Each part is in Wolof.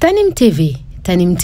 Tanim TV Tanim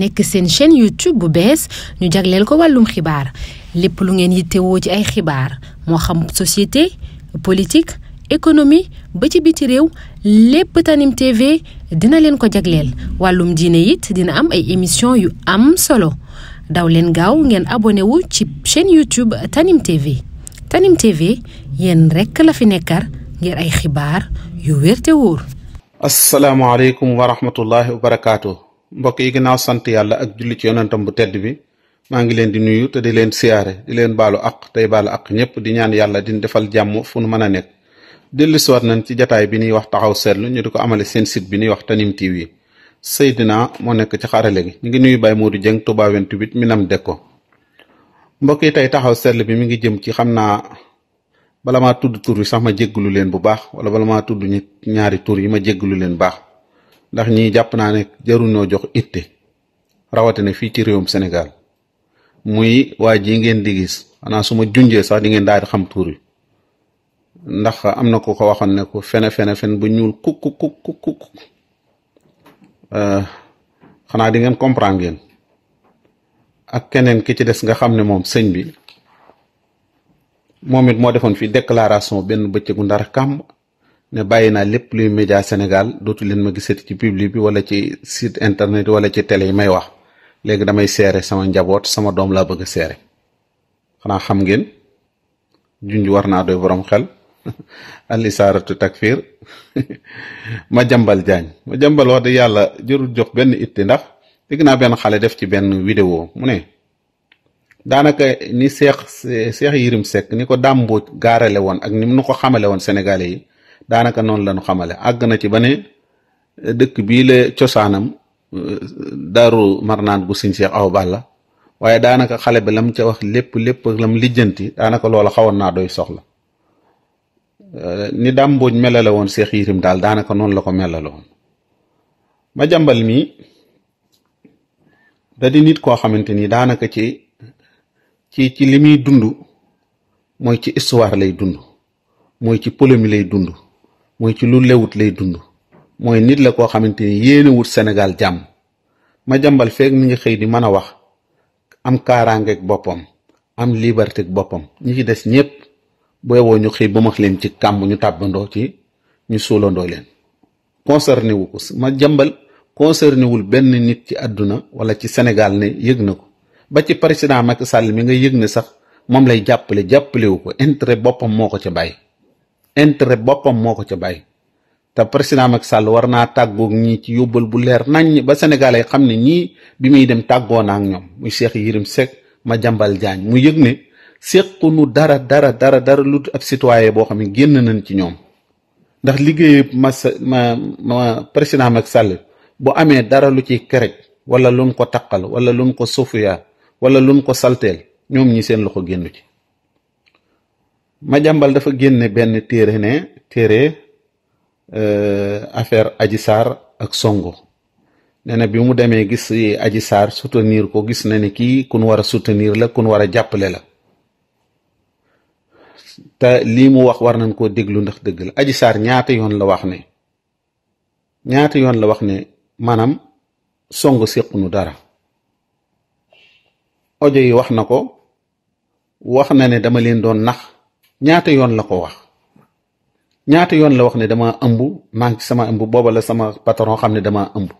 nekk seen chaîne YouTube bu bees ñu jagleel ko wàllum xibaar lépp lu ngeen yittewoo ci ay xibaar moo xam société politique économie ba ci biti réew lépp Tanim dina leen ko jagleel wàllum diine it dina am ay émission yu am solo daw leen gaaw ngeen abonné wu ci chaîne YouTube Tanim TV Tanim yéen rekk la fi nekkar ngir ay xibaar yu wér te wóor asalaamaaleykum wa rahmatullahi wa barakaatu mbokk yi ginnaaw sant yàlla ak julli ci yonentam bu tedd bi maa ngi leen di nuyu te di leen siyaare di leen baalu aq tey baalu aq ñëpp di ñaan yàlla di defal jàmm fu nu mën a nekk dellu siwaat nañ ci jataay bi ñuy wax taxaw seetlu ñu di ko amale seen site bi ñuy wax Tanime TV yi Seydina moo nekk ci xarale gi ñu ngi nuyu Baye Modou Dieng Touba 28 Minam Dekko mbokk yi tey taxaw seetlu bi mi ngi jëm ci xam naa bala maa tudd tur bi sax ma jéggalu leen bu baax wala bala maa tudd ñi ñaari tur yi ma jéggalu leen baax ndax ñii jàpp naa ne jaruñoo jox itte rawatina fii ci réewum Sénégal muy waa ji ngeen di gis xanaa su ma junjee sax di ngeen daal di xam tur yi ndax am na ku ko waxoon ne ko fene fene fen bu ñuul kuk kuk kuk xanaa di ngeen comprendre ngeen ak keneen ki ci des nga xam ne moom sëñ bi. moom it moo defoon fii déclaration benn bëccëgu ndar kàmm ne bàyyi naa lépp luy média Sénégal dootu leen ma gisati ci public bi wala ci site internet wala ci télé yi may wax léegi damay seere sama njaboot sama doom laa bëgg a seere xanaa xam ngeen junj war naa doy boroom xel al isaaratu ma jambal jaañ ma jambal wax de yàlla jërul jox benn itti ndax dégg naa benn xale def ci benn vidéo mu ne daanaka ni seex seex yirim sekk ni ko dàmbooj gaarale woon ak ni nu ko xamale woon sénégalais yi daanaka noonu la ñu xamale àgg na ci ba ne eh, dëkk bii la cosaanam eh, daaru marnaan gu siñ seex aw la waaye daanaka xale bi lam ca wax lépp lépp ak lam lijjanti daanaka loola xawoon naa doy soxla eh, ni dàmbooj melale woon seex yirim daal daanaka noonu la ko melale woon ma jàmbal mi da nit koo xamante ni daanaka ci ci ci li muy dund mooy ci histoire lay dund mooy ci polémique lay dund mooy ci lu lewut lay dund mooy nit la koo xamante ni yéene wut jàmm ma jàmbal feeg mi ngi xëy di mën a wax am kaaraangeeg boppam am liberté boppam ñi ci des ñëpp booy woo ñu xëy ba max leen ci kàmb ñu tàbbandoo ci ñu suulandoo leen concerné wu ko ma wul benn nit ci àdduna wala ci Sénégal ne yëg na ko ba ci président Macky Sall mi nga yëg ne sax moom lay jàppale jàppalewu ko intérêt boppam moo ko ca bàyyi intérêt boppam moo ko ca bàyyi te président Macky sàll war naa tàggoog ñi ci yóbbal bu leer naññ ba sénégalais xam ne ñii bi muy dem tàggoo naa ak ñoom muy Cheikh Yérim ma Madiambal Diagne mu yëg ne séqunu dara dara dara dara lu ak citoyen boo xam ne génn nañ ci ñoom ndax liggéey ma ma ma président Macky Sall bu amee dara lu ci kerec wala luñ ko taqal wala luñ ko sufuyaa wala luñ ko salteel ñoom ñi seen loxo génn ci ma jàmbal dafa génne benn téere ne téere euh, affaire aji saar ak songo nee na bi mu demee gis aji saar soutenir ko gis na ni kii kun war a soutenir la kun war a jàppale la te lii mu wax war nañ koo déglu ndax dëgg la aji saar ñaata yoon la wax ne ñaata yoon la wax ne maanaam songo séqunu dara audio yi wax na ko wax na ne dama leen doon nax ñaata yoon la ko wax ñaata yoon la wax ne dama ëmb maa sama ëmb booba la sama patron xam ne dama ëmb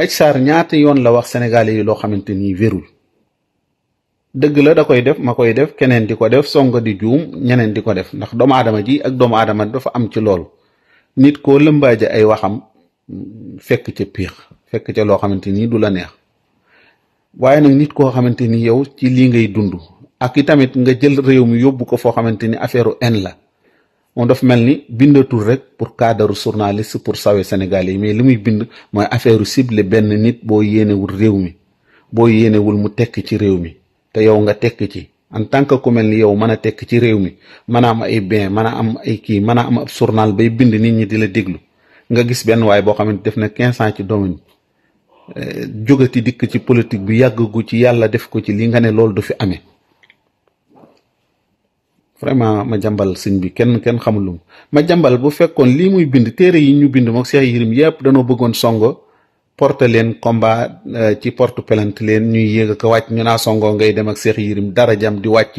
Adji Sarr ñaata yoon la wax sénégalais yi loo xamante ni wérul dëgg la da koy def ma koy def keneen di ko def songa di juum ñeneen di ko def ndax doomu aadama ji ak doomu aadama dafa am ci loolu nit koo lëmbaaje ay waxam fekk ca piix fekk ca loo xamante ni du la neex waaye nag nit koo xamante ni yow ci lii ngay dund ak i tamit nga jël réew mi yóbbu ko foo xamante ni affaire en la moom daf mel ni bindatul rek pour cadre journaliste pour sawe Sénégalais yi mais li muy bind mooy affaire sible benn nit boo yéenewul réew mi boo yéenewul mu tekk ci réew mi te yow nga tekk ci en tant que ku mel ni yow mën a tekk ci réew mi mën a am ay bien mën a am ay kii mën a am ab journal bay bind nit ñi di la déglu nga gis benn waay boo xamante def na quinze ans ci domaine Euh, jógati dikk ci politique bi yàggagu ci yàlla def ko ci li nga ne loolu du fi amee vraiment ma jambal sëñ bi kenn kenn xamul ma jàmbal bu fekkoon lii muy bind téere yi ñu bind mook Cheikh Yérim yëpp danoo bëggoon songo porte leen combat euh, ci porte plainte leen ñuy yéeg ak wàcc ñu naa songo ngay dem ak seex Yérim dara jam di wàcc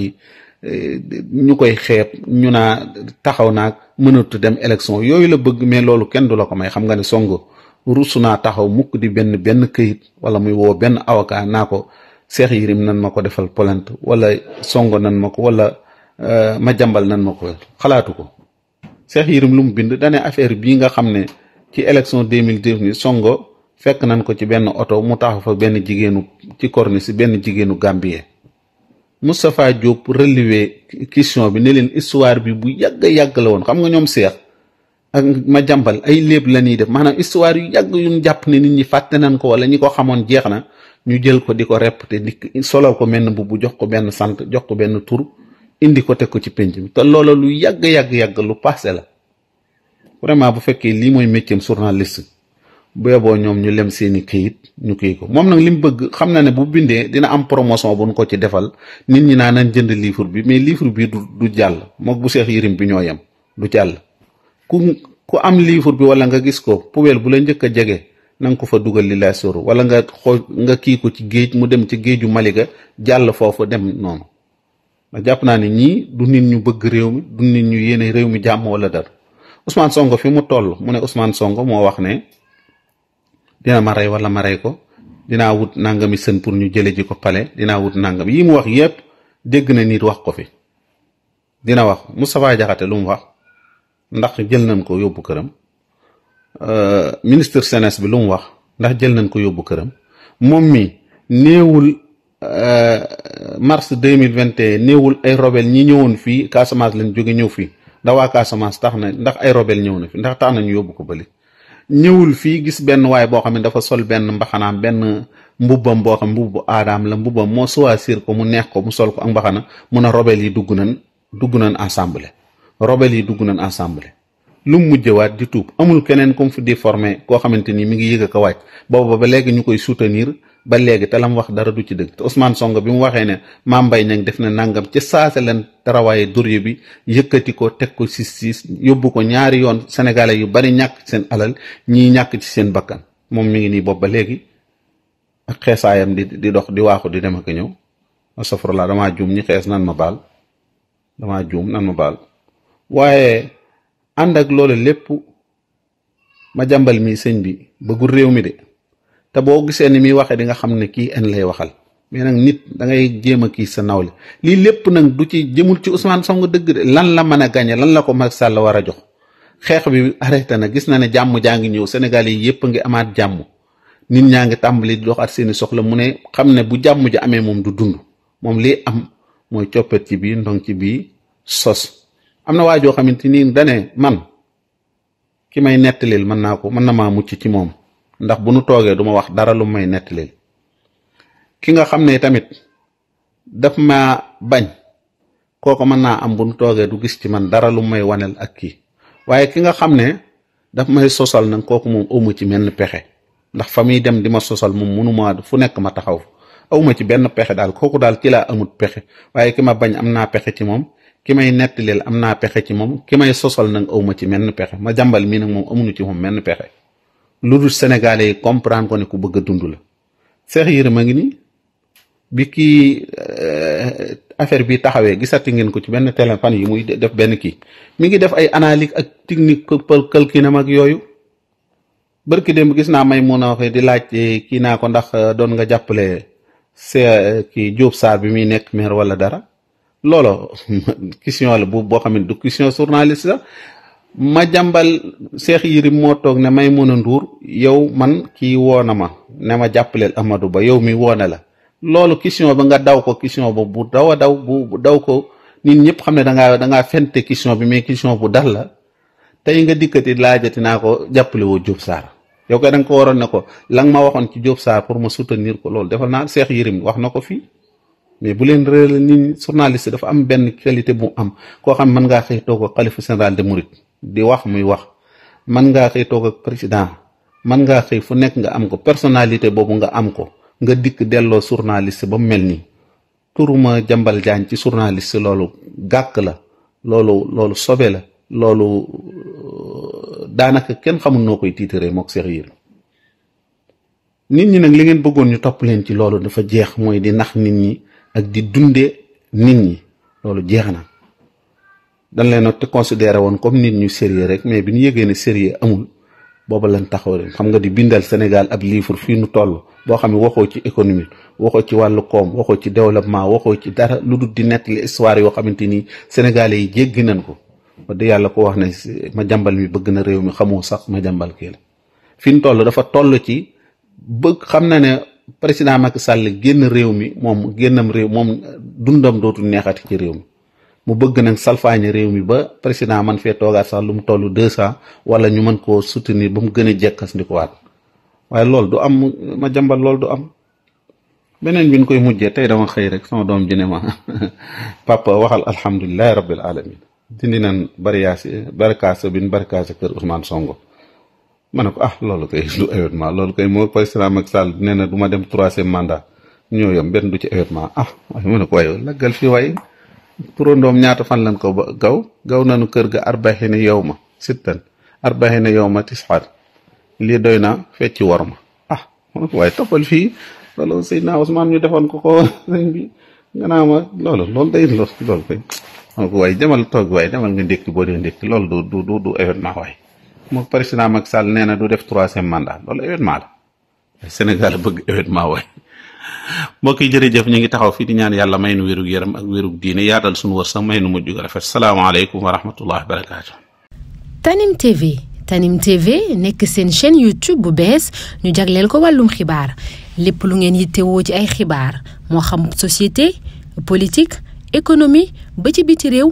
euh, ñu koy xeeb ñu naa taxaw naag mënatu dem élection yooyu la bëgg mais loolu kenn du la ko may xam nga ne songo ruus naa taxaw mukk di benn benn këyit wala muy woo benn avocat naa ko Cheikh Yérim nan ma ko defal plainte wala songo nan ma ko wala euh, ma jàmbal nan ma ko xalaatu ko Cheikh Yérim lu mu bind dane affaire bii nga xam ne ci élection 2019 ni songo fekk nañ ko ci benn oto mu taxaw fa benn jigéenu ci corniche si benn jigéenu Gambie Moustapha Diop relevé question bi ne leen histoire bi bu yàgg yàgg la woon xam nga ñoom Cheikh ak ma jàmbal ay léeb la ñuy def maanaam histoire yu yàgg yuñ jàpp ne nit ñi fàtte nañ ko wala ñi ko xamoon jeex na ñu jël ko di ko répété di solal ko benn mbubb jox ko benn sant jox ko benn tur indi ko teg ko ci pénc mi te loola lu yàgg yàgg yàgg lu passé la vraiment bu fekkee lii mooy métier journaliste beeboo ñoom ñu lem seeni këyit ñu kii ko moom nag li mu bëgg xam na ne bu bindee dina am promotion bu ñu ko ci defal nit ñi naa nañ jënd livre bi mais livre bi du du jàll mook bu Cheikh Yérim bi ñoo yem du jàll. ku ku am livre bi wala nga gis ko poubelle bu la njëkk a jege na ko fa dugal li laa sóor wala nga xoo nga kii ko ci géej mu dem ci géeju Malika jàll foofu dem noonu ndax jàpp naa ne ñii du nit ñu bëgg réew mi du nit ñu yéene réew mi jàmm wala dara Ousmane Sonko fi mu toll mu ne Ousmane Sonko moo wax ne dina ma rey wala ma rey ko dinaa wut nangami sën pour ñu jële ji ko pale dinaa wut nangam yi mu wax yépp dégg na nit wax ko fi dina wax Moustapha Diakhaté lu mu wax ndax jël nañ ko yóbbu këram euh, ministre CNES bi lu mu wax ndax jël nañ ko yóbbu këram moom mi néewul euh, mars deux mille vingt et un néewul ay robel ñi ñëwoon fii Casamance lañ jóge ñëw fii ndax waa Casamance tax na ndax ay robel ñëw na fi ndax tax nañu yóbbu ko bële ñëwul fii gis benn waay boo xam ne dafa sol benn mbaxanaam benn mbubbam boo xam ne aadaam la mbubbam moo choisir ko mu neex ko mu sol ko ak mbaxana mun a robel yi dugg nañ dugg nañ ensemble robel yi dugg nañ assemblée lu mu waat di tuub amul keneen comme fu di formé koo xamante ni mi ngi yëg ak a wàcc booba ba léegi ñu koy soutenir ba léegi te mu wax dara du ci dëgg te Ousmane songo bi mu waxee ne Mame Mbaye Niang def na nangam ci saase leen tarawaaye bi yëkkati ko teg ko sis yóbbu ko ñaari yoon sénégalais yu bari ñàkk seen alal ñii ñàkk ci seen bakkan moom mi ngi nii bopp ba léegi ak xeesaayam di di dox di waaxu di dem ak ñëw asafurlaa damaa juum ñi xees nan ma baal damaa juum nan ma baal waaye ànd ak loolu lépp ma jàmbal mi sëñ bi bëggul réew mi de te boo gisee ni muy waxee di nga xam ne kii en lay waxal mais nag nit da ngay jéem a kii sa nawle lii lépp nag du ci jëmul ci Ousmane Sonko dëgg de lan la mën a gañe lan la ko Macky Sall war a jox xeex bi arrêté na gis na ne jàmm jaa ngi ñëw Sénégal yi yëpp ngi amaat jàmm nit ñaa ngi tàmbali di doxaat seeni soxla mu ne xam ne bu jàmm ji amee moom du dund moom lii am mooy coppet ci bii ndong ci bii sos am na waajoo xamante ni dane man ki may nettalil mën naa ko mën na maa mucc ci moom ndax bu nu toogee du ma wax dara lu may nettalil ki nga xam ne tamit daf ma bañ kooku mën naa am bu nu toogee du gis ci man dara lu may wanel ak kii waaye ki nga xam ne daf may sosal nag kooku moom awma ci menn pexe ndax fa muy dem di ma sosal moom mënuma fu nekk ma taxaw awma ci benn pexe daal kooku daal ci laa amut pexe waaye ki ma bañ am naa pexe ci moom ki may nettileel am naa pexe ci moom ki may sosal nag awma ci menn pexe ma jàmbal mii nag moom amuñu ci moom menn pexe lu dul sénégalais yi comprendre ko ne ku bëgg dund la Cheikh Yérim a ngi nii bi kii euh, affaire bi taxawee gisati ngeen ko ci benn télé fan yi muy def benn kii mi ngi def ay analyse ak technique kalkinam mag yooyu bërki démb gis naa may mun a waxee di laaj eh, kii naa ko ndax euh, doon nga jàppale see euh, kii Diop Sarr bi muy nekk maire wala dara loolo question la bu boo xam ne du question journaliste la ma jàmbal Cheikh Yérim moo toog ne may mën a Ndour yow man kii woo na ma ne ma jàppaleel amadu Ba yow mi woone la loolu question ba nga daw ko question ba bu daw a daw bu daw ko nit ñëpp xam ne dangaa dangaa fente question bi mais question bu dal la tey nga dikkati laajati naa ko jàppale woo Diop Sarr yow kay da ko waroon ne ko la nga ma waxoon ci Diop Sarr pour ma soutenir ko loolu defal naa Cheikh Yérim wax na ko fii mais bu leen réer ni journaliste dafa am benn qualité bu am koo xam mën ngaa xëy toog ak xalifa général de di wax muy wax mën ngaa xëy toog président man ngaa xëy fu nekk nga am ko personnalité boobu nga am ko nga dikk delloo journaliste ba mu mel nii turuma jambal jaañ ci journaliste loolu gàkk la loolu loolu sobe la loolu euh, daanaka kenn xamul noo koy tiitaree mook seex yéen nit ñi nag li ngeen bëggoon ñu topp leen ci loolu dafa jeex mooy di nax nit ñi ak di dunde nit ñi loolu jeex na dañ leen a considéré woon comme nit ñu sérieux rek mais bi ñu yëgee ne sérieux amul booba lan taxaw leen xam nga di bindal Sénégal ab livre fii nu toll boo xam ne waxoo ci économie waxoo ci wàllu koom waxoo ci développement waxoo ci dara lu dul di nettali histoire yoo xamante ni sénégalais yi jéggi nañ ko wax dëgg yàlla ko wax ne ma jàmbal mi bëgg na réew mi xamoo sax ma jàmbal kii la nu toll dafa toll ci bëgg xam na ne président Macky sàll génn réew mi moom génnam réew moom dundam dootul neexati ci réew mi mu bëgg nag salfaañe réew mi ba président man fee toogaat sax lu mu toll deux cent wala ñu mën koo soutenir ba mu gën a jekkas ndi ko waat waaye loolu du am ma jàmbal loolu du am beneen bi ñu koy mujjee tey dama xëy rek sama doom ji ne ma papa waxal alhamdulilahi rabbil alamin dindi nan bariyaasi barkaasa bin barkaasa kër Ousmane songo ma ne ko ah loolu kay du moo président Macky Sall nee na duma ma dem troisième mandat ñoo yam benn du ci événement ah waaye ma ne ko waaye laggal fi waay turandoom ñaata fan lan ko ba gaw gaw nañu kër ga arbaxina yow ma sittan arbaxina yow ma tisxaar lii doy na fecci war ma ah ma ne ko waaye toppal fii loolu naa Ousmane ñu defoon ko ko sëñ bi nga naa ma loolu loolu day loolu loolu waaye demal toog waaye demal nga ndékki boo dee ndékki loolu du du du événement waaye moom président Macky Sall nee na du def troisième mandat loolu événement la Sénégal bëgg événement waaye mbokk yi jërëjëf ñu ngi taxaw fii di ñaan yàlla may nu wérug yaram ak wérug diine yaatal suñu wër sax may nu mujj rafet salaamaaleykum wa rahmatullahi wa barakaatu. Tanim TV Tanim TV nekk seen chaîne YouTube bu bees ñu jagleel ko wàllum xibaar lépp lu ngeen yittewoo ci ay xibaar moo xam société politique économie ba ci biti réew.